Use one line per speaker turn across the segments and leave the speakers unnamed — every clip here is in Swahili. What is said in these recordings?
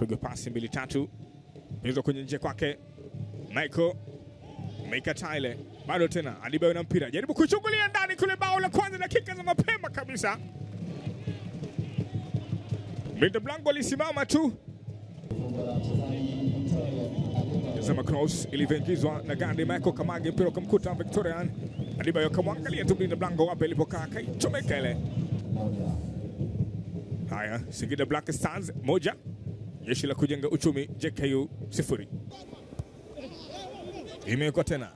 Piga pasi mbili tatu, mpizwa kwenye nje kwake Michael meikataa ile, bado tena Adebayo na mpira, jaribu kuchungulia ndani kule, bao la kwanza dakika za mapema kabisa. Mlinda mlango alisimama tu, tazama cross ilivyoingizwa na Gadi Michael Kamage, mpira ukamkuta Victorian Adebayo, akamwangalia tu mlinda mlango wapi alipokaa, akaichomeka ile. Haya, Singida Black Stars moja jeshi la kujenga uchumi JKU sifuri. Imewekwa tena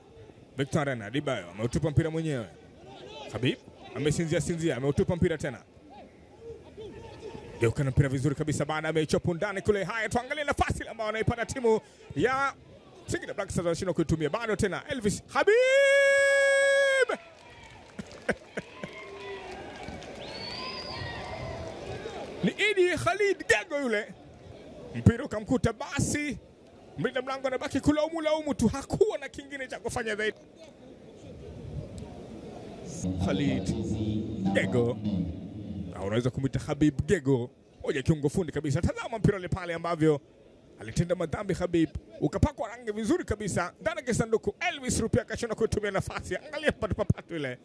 Victor Arena, Dibayo ameutupa mpira mwenyewe, Habib amesinzia sinzia, ameutupa mpira tena, geuka na mpira vizuri kabisa, baada ameichopo ndani kule. Haya, tuangalie nafasi ambayo anaipata timu ya Singida Black Stars, anashindwa kuitumia bado. Tena Elvis Habib ni Idi Khalid Gego yule mpira ukamkuta, basi mlinda mlango anabaki kulaumu laumu tu, hakuwa na kingine cha kufanya zaidi. Khalid Gego au unaweza kumwita Habib Gego, moja kiungo fundi kabisa. Tazama mpira ile pale ambavyo alitenda madhambi Habib, ukapakwa rangi vizuri kabisa ndani ya sanduku. Elvis Rupia akashona kutumia nafasi, angalia patupapatu ile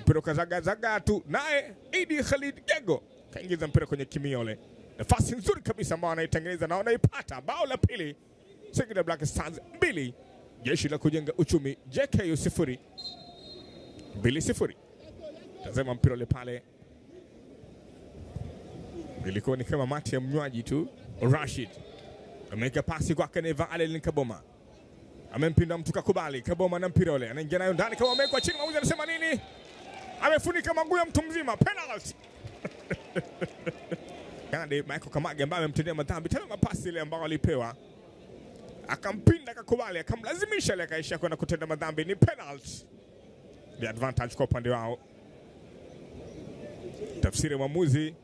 mpira ukazagazaga tu, naye Idi Khalid Gego kaingiza mpira kwenye kimiole nafasi nzuri kabisa ambayo anaitengeneza na wanaipata. Bao la pili Singida Black Stars mbili jeshi la kujenga uchumi JKU sifuri mbili sifuri. Tazama mpira ule pale, ilikuwa ni kama mati ya mnywaji tu. Rashid ameweka pasi kwake Nevalelin Kaboma, amempinda mtu kakubali. Kaboma na mpira ule anaingia nayo ndani, kama amewekwa chini. Mwamuzi anasema nini? Amefunika maguu ya mtu mzima, penalty Kanade Michael Kamage ambaye amemtendea madhambi tena, mapasi ile ambayo alipewa akampinda, akakubali, akamlazimisha ile, akaishia kwenda kutenda madhambi. Ni penalty, the advantage kwa upande wao. Tafsiri ya mwamuzi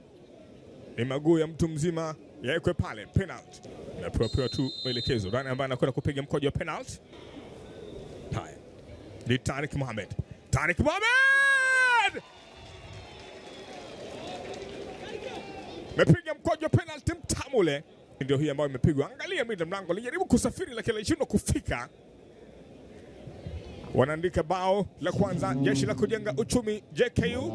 ni maguu ya mtu mzima yawekwe pale, penalty. Napewa pewa tu maelekezo nani ambaye anakwenda kupiga mkojo wa penalty. Haya, ni Tariq Mohamed. Tariq Mohamed mepiga mkojo penalti mtamu ule, ndio hii ambayo imepigwa. Angalia mida mlango, lijaribu kusafiri lakini alishindwa kufika. Wanaandika bao la kwanza, jeshi la kujenga uchumi JKU.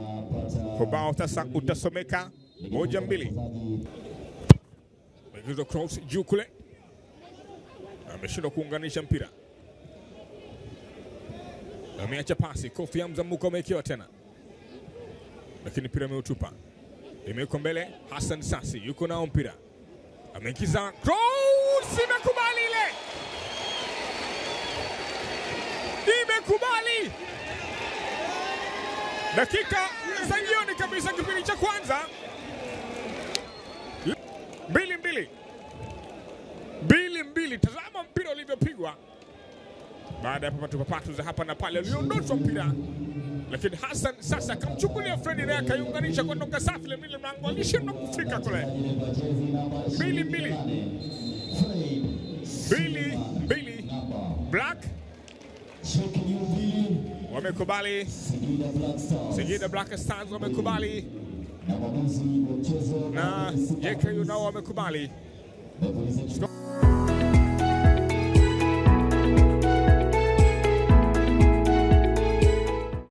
Kwa bao sasa utasomeka moja mbili, megizo cross juu kule, ameshindwa kuunganisha mpira, ameacha pasi. Kofi Hamza Mbuka amewekewa tena, lakini mpira ameutupa imewekwa mbele. Hassan Sasi yuko nao mpira, ameingiza cross, imekubali ile, imekubali. Dakika za jioni kabisa, kipindi cha kwanza mbili mbili mbili mbili. Tazama mpira ulivyopigwa baada ya papatupapatu za hapa na pale, uliondoshwa mpira lakini Hassan sasa akamchukulia Fredi naye akaiunganisha kwa ndonga safi ile mile mlango alishindwa kufika kule. Mbili mbili. Mbili mbili. Black wamekubali, Singida Black Stars wamekubali na JKU nao wamekubali.